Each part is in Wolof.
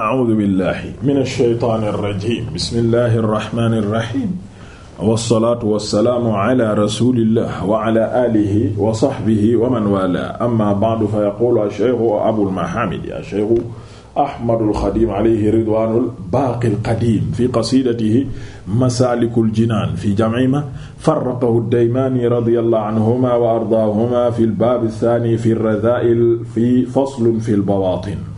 a'uudu billahi mina shaytaani rajiim bismillahi rahmaani rahiim wassalaatu wassalaamu ala rasulillah wa ala aalihi wa sahbihi wa man waalaahu amma ba'du fa yaquulu ash-shaykhu abul mahaamid ash-shaykhu ahmadul xadiim alayhi ridwaanul baaqil qadiim fi qasiidatihi masaalikul jinaan fi jam'i maa farraqahu ad-daymaani radiyallahu anhumaa wa ardaahumaa fil baab ath-thaani fi ar-razaa'il fi faslun fil bawaatin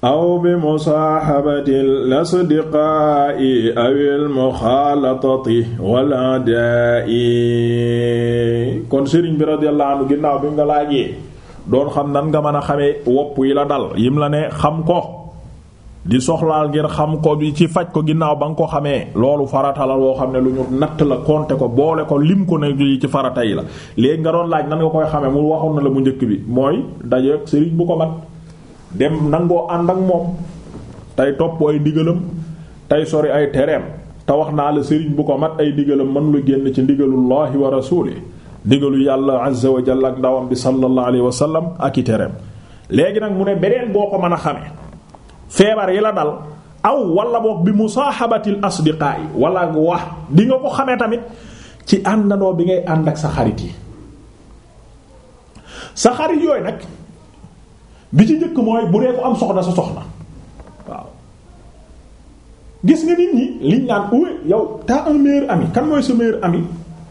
aw bi musaaxabati lasdiqaa'i awil muxaalatati wal adaa'i kon sëriñ bi radiyallahu anhu ginnaaw bi nga laajee doon xam nan nga mën a xamee wopp yi la dal yim la ne xam ko di soxlaal ngir xam ko bi ci faj ko ginnaaw ba nga ko xamee loolu farata la loo xam ne lu ñu natt la compter ko boole ko lim ko ne yi ci farata yi la léegi nga doon laaj nan nga koy xamee mu waxoon na la bu njëkk bi mooy dajeek sëriñ bu ko mat dem nangoo ànd ak moom tey topp ay ndigalam tey sori ay tereem te wax naa la sëriñ bu ko mat ay ndigalam mën génn ci ndigalullahi wa rasuli ndigalu yàlla azza jalla ak ndawam bi sallallahu alayhi wa sallam ak i tereem léegi nag mu ne beneen boo ko mën a xamee feebar yi la dal aw wala boog bi musaahabatil asdiqaa yi wala wax di nga ko xamee tamit ci àndandoo bi ngay ànd ak sa xarit yi sa xarit yooyu nag bi ci njëkk mooy bu dee ko am soxna sa soxna waaw gis nga nit ñi liñ naan uwe yow t'as un meilleur ami kan mooy sa meilleur ami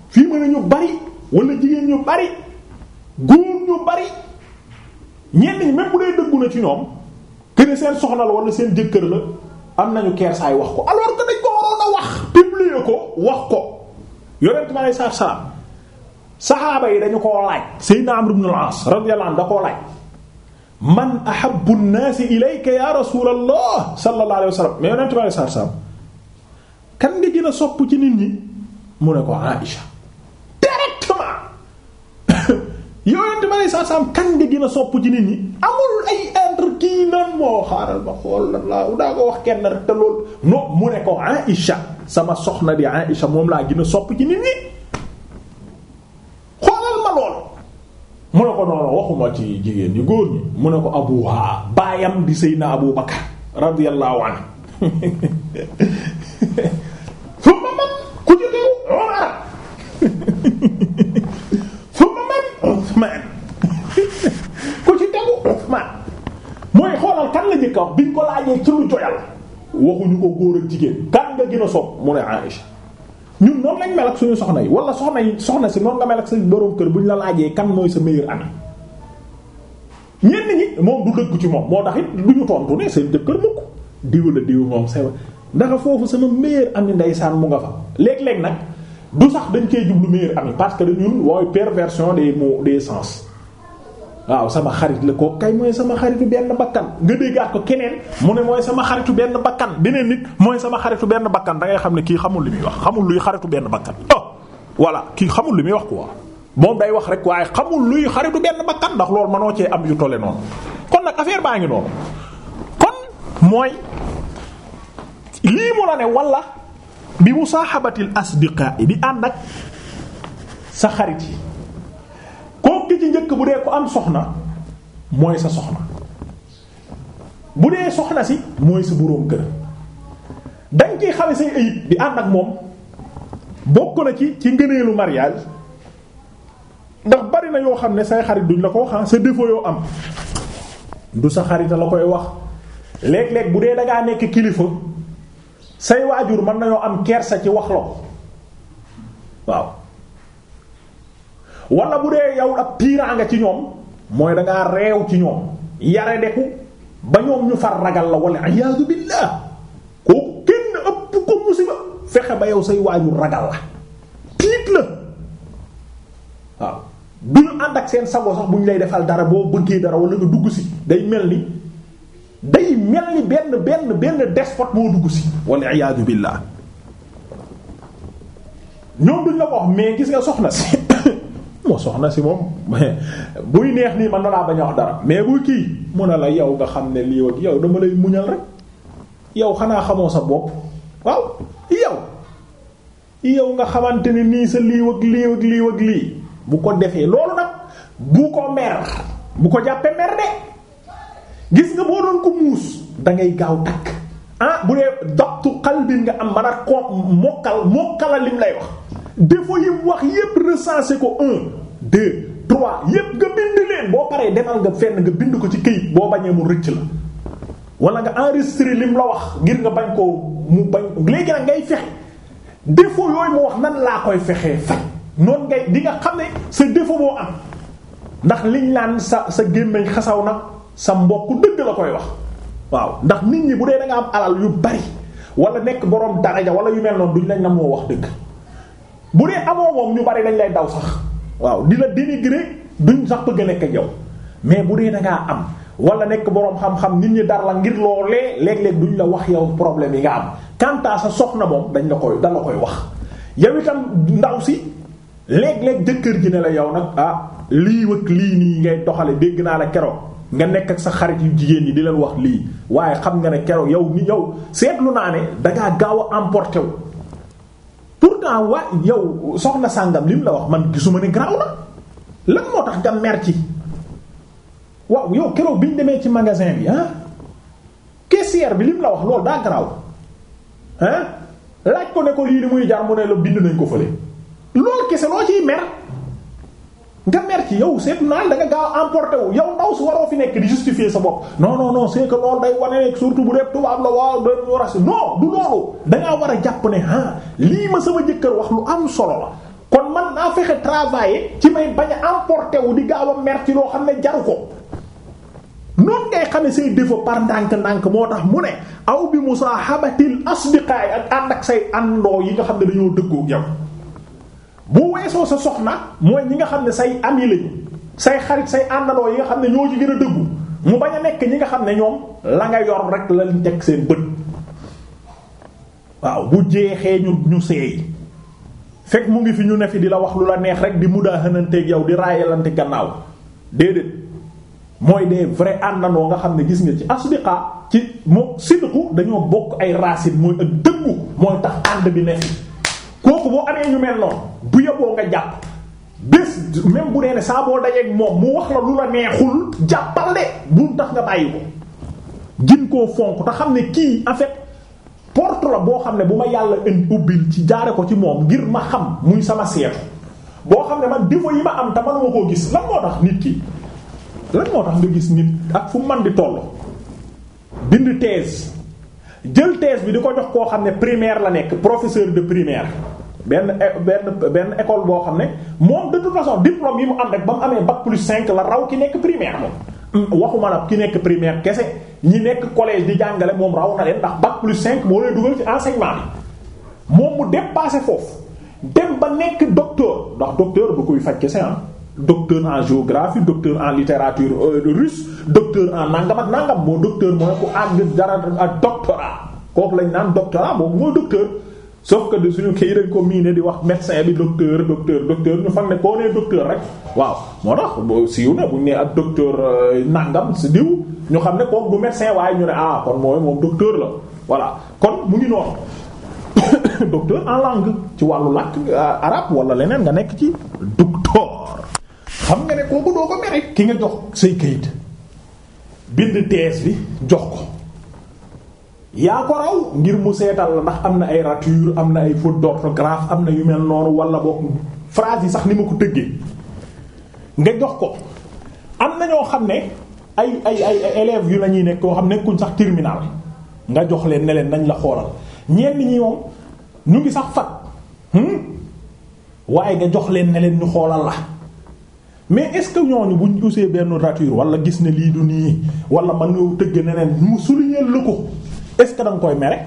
fii mën a ñu bari wala jigéen ñu bari góor ñu bari ñenn ñi même bu dee dëggu na ci ñoom que seen soxna la wala seen jëkkër la am nañu kersaay wax ko alors que dañ ko waroon a wax publier ko wax ko yonent mi aleyhi salaam saxaaba yi dañu koo laaj Sayyidina Amr ibn al-As radiyallahu anhu da koo laaj man ahabbu nnaasi ilayka ya rasulallah sallallahu alayhi wa sallam mais yonent bi kan nga gën a sopp ci nit ñi mu ne ko Aïcha directement yonent bi alayhi salaatu salaam kan nga gën a sopp ci nit ñi amul ay entre kii nan moo xaaral ma xool la daa ko wax kenn rek te loolu non mu ne ko Aïcha sama soxna di Aïcha moom laa gën a sopp ci nit ñi ne ko noonu waxuma ci jigéen ñi góor ñi mu ne ko abuha baayam di Seydina Abu Bakar radiyallahu anhu summa man ku ci tegu Umar summa man Usman ku ci tegu Usman mooy xoolal kan la njëkk a wax biñ ko laajee ci lu joyal waxuñu ko góor ak jigéen kan nga gën a mu ne Aïcha ñun noonu lañ mel ak suñu soxna yi wala soxna yi soxna si noonu nga mel ak sa borom kër bu ñu la laajee kan mooy sa meilleur ami ñenn ñi moom du dëgg ci moom moo tax it du ñu tontu ne seen jëkkër mukk diwu la diw moom c'est ndax foofu sama am ami ndeysaan mu nga fa léeg-léeg nag du sax dañ koy jublu meilleur ami parce que dañun wooy perversion des mots des sens waaw sama xarit la ko kay mooy sama xaritu benn bakkan nga déggaat ko keneen mu ne mooy sama xaritu benn bakkan beneen nit mooy sama xaritu benn bakkan dangay xam ne kii xamul li muy luy benn bakkan oh voilà kii xamul li muy wax quoi moom day wax rek waaye xamul luy xaritu benn bakkan ndax loolu mënoo cee am yu tolle noonu kon nag affaire baa ngi noonu kon mooy lii mu la ne wala bi musaahabatil asdiqaa yi di ànd ak sa xarit yi bu dee ko am soxna mooy sa soxna bu dee soxna si mooy sa buroom kër danga ciy xame say ayib ànd ak moom bokk na ci ci ngëneelu mariage ndax bari na yoo xam ne say xarit duñ la ko wax ah, sa défaut yoo am du sa xarita la koy wax léeg-léeg bu dee dangaa nekk kilifa say waajur mën nañoo am kersa ci wax la ko waaw wala bu dee yow ab piiraanga ci ñoom mooy da ngaa reew ci ñoom yare deku ba ñoom ñu far ragal la wala iyaadu billah kooku kenn ëpp ko musiba fexe ba yow say waajur ragal la tiit la du ñu ànd ak seen sago sax bu ñu lay defal dara boo bëggee dara wala nga dugg si day mel ni day mel ni benn benn benn despote moo dugg si wala iyaadu billah ñoom duñ la ko mais gis nga soxna si moo soxna si moom buy neex nii man na laa bañ wax dara mais buy kii mun a la yow nga xam ne lii ak yow dama lay muñal rek yow xanaa xamoo sa bopp waaw yow yow nga xamante ni nii sa lii ak lii ak lii bu ko defee loolu nag bu ko mer bu ko jàppee mer de gis nga boo doon ko muus dangay gaaw takk ah bu dee doxtu xalbin nga am man a ko mokkal mokkala lim lay wax défaut yi mu wax yépp recensé ko un deux trois yépp nga bind leen boo paree demal nga fenn nga bind ko ci këyit boo bañee mu rëcc la wala nga enregistré lim la wax ngir nga bañ koo mu bañ léegi nag ngay fexe défaut yooyu moo wax nan laa koy fexee faj noonu ngay di nga xam ne sa défaut boo am ndax liñ naan sa sa gémmiñ xasaw na sa mbokk dëgg la koy wax waaw ndax nit ñi bu dee da nga am alal yu bari wala nekk borom daraja wala yu mel noonu duñ lañ na moo wax dëgg bu dee amoo moom ñu bari dañ lay daw sax waaw di la dénigrer duñ sax bëgg a nekk ak yow mais bu dee da am wala nekk boroom xam-xam nit ñi dar la ngir loolee léeg-léeg duñ la wax yow problème yi nga am quant sa soxna moom dañ la koy dañ koy wax. yow itam ndaw si léeg-léeg jëkkër ji ne la yow nag ah lii wëkk lii nii ngay doxale dégg naa la keroog. nga nekk ak sa xarit yu jigéen ñi di leen wax lii waaye xam nga ne keroog yow ni yow seetlu naa ne dangaa gaaw a emporté wu pour pourtant waa yow soxna sàngam lim la wax man gisuma ne garaaw na lan moo tax nga mer ci waaw yow keroog biñ demee ci magasin bi ah caissière bi lim la wax loolu daa garaaw ah laaj ko ne lii li muy jar ne la bind nañ ko fële loolu kese loo ciy mer. nga mer ci yow seet naan da nga gaaw emporté wu yow ndaw si waroo fi nekk di justifier sa bopp non non non c'est que loolu day wane rek surtout bu dee tubaab la waaw da war a si non du loolu da war a jàpp ne ah lii ma sama jëkkër wax lu am solo la kon man naa fexe travailler ci may bañ a emporté wu di gaaw a mer ci loo xam ne jaru ko. noonu ngay ne say défaut par ndànk-ndànk moo tax mu ne aw bi musaahabatil asdiqaay ak ànd ak say àndoo yi nga xam ne dañoo dëggoo yow. bu weesoo sa soxna mooy ñi nga xam ne say am yi say xarit say àndandoo yi nga xam ne ñoo ci gën a dëggu mu bañ a nekk ñi nga xam ne ñoom la nga yor rek lañ teg seen bët waaw bu jeexee ñu ñu seey fekk mu ngi fi ñu ne fi di la wax lu la neex rek di mudaaxananteeg yow di raayalante gannaaw déedéet mooy des vrais àndandoo nga xam ne gis nga ci asbiqa ci mo sidqu dañoo bokk ay racines mooy ak dëggu mooy tax ànd bi ne fi kooku boo amee ñu mel noonu bu yeboo nga jàpp bés même bu nee ne saa boo moom mu wax la lu la neexul jàppal de bu tax nga bàyyi ko gin koo fonk te xam ne kii en fait porte la boo xam ne bu ma yàlla indi ubbil ci jaare ko ci moom ngir ma xam muy sama seetu boo xam ne man défaut yi ma am te ma koo gis lan moo tax nit ki lan moo tax nga gis nit ak fu man di toll bind thèse jël thèse bi di ko jox koo xam ne primaire la nekk professeur de primaire benn benn benn école boo xam ne moom de toute façon diplôme yi mu am rek ba mu amee bac plus 5 la raw ki nekk primaire moom. Mm, waxuma la ki nekk primaire kese ñi nekk collège di jàngale moom raw na leen ndax bac plus 5 moo lay dugal ci enseignement bi moom mu dépassé foofu dem ba nekk docteur ndax docteur bu koy faj kese ah. docteur en géographie docteur en littérature euh, russe docteur en nangam ak nangam moo docteur mooy ku àgg dara ak doctorat kooku lañ naan doctorat boobu mooy docteur sauf que suñu kii dañ ko miine di wax médecin bi docteur docteur docteur ñu fag ne koo nee docteur rek waaw moo tax siiw na buñ ne ak docteur euh, nangam si diw ñu xam ne kooku du médecin waaye ñu ne ah kon moom docteur la voilà kon mu ngi noonu docteur en langue ci wàllu làkk euh, arabe wala leneen nga nekk ci docteur xam nga ne kooku doo ko mere ki nga jox say kayit bind thèse bi jox ko yaa ko raw ngir mu seetal la ndax am na ay rature am na ay faute d'orthographe am na yu mel noonu wala boog phrase yi sax ni ma ko tëgge nga jox ko am na ñoo xam ne ay ay ay élèves yu la ñuy nekk koo xam nekkuñ sax tirminal nga jox leen ne leen nañ la xoolal ñenn ñi moom ñu ngi sax fat hmm? waaye nga jox leen ne leen ñu xoolal la mais est-ce que ñooñu bu ñu usee benn rature wala gis ne lii du nii wala mën nga tëgg ne leen mu lu la ko est-ce que da koy mere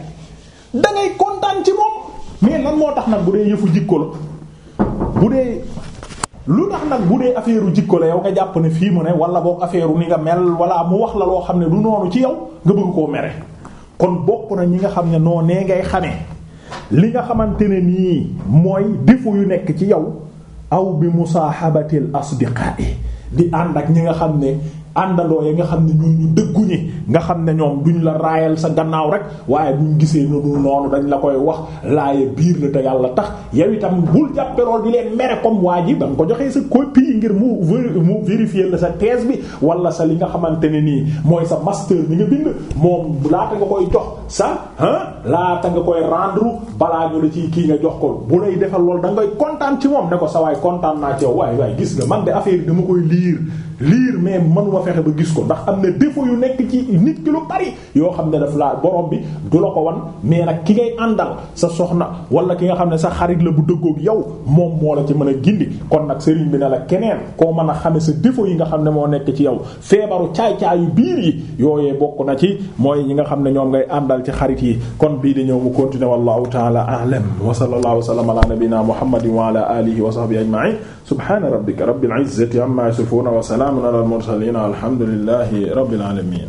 da kontaan ci moom mais lan moo tax nag bu dee yëfu jikko la bu dee lu tax nag bu dee affaire u jikko la yow nga jàpp ne fii mu ne wala boog affaire ni nga mel wala mu wax la loo xam ne du noonu ci yow nga bëgg koo mere kon bokk na ñi nga xam ne noo nee ngay xamee li nga xamante ne nii mooy défaut yu nekk ci yow aw bi musaahabatil asdiqa'i di ànd ak ñi nga xam ne àndandoo ya nga xam ne ñooñu dëgguñi nga xam ne ñoom duñ la raayal sa gannaaw rek waaye buñ gisee nu dul noonu dañ la koy wax laaye biir la te yàlla tax yow itam bul jàppe lool di leen mere comme waa ji ba ko joxee sa copie ngir mu mu vérifier la sa thèse bi wala sa li nga xamante ne nii mooy sa master bi nga bind moom laata nga koy jox sa ah laata nga koy rendre balaa ñu la ci kii nga jox ko lay defal loolu da ngay kontaan ci moom ne ko sa waay kontaan naa ci yow waay gis nga man de affaire dama koy liir liir mais mënuma fexe ba gis ko ndax am ne défaut yu nekk ci nit ki lu bari yoo xam ne daf laa borom bi du la ko wan mais nag ki ngay àndal sa soxna wala ki nga xam ne sa xarit la bu dëggoog yow moom moo la ci mën a gindi kon nag sëriñ bi ne la keneen koo mën a xam xame sa défaut yi nga xam ne moo nekk ci yow feebaru caay-caayu biir yi yooyee bokk na ci mooy yi nga xam ne ñoom ngay àndal ci xarit yi kon bii di ñëw mu continuer wallahu ta'ala a'lam wa sallallahu wa sallam ala nabiyyina muhammadin wa ala alihi wa sahbihi salaamun ala al mursaliin alhamdulillahi rabbil aalamiin